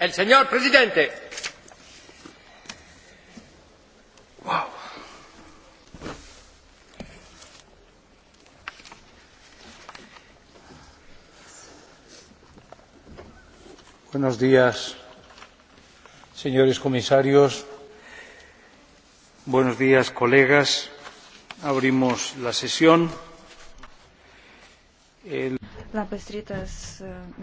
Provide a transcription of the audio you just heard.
El eh, señor presidente. Wow. Buenos días, señores comisarios. Buenos días, colegas. Abrimos la sesión. El... Labas rytas.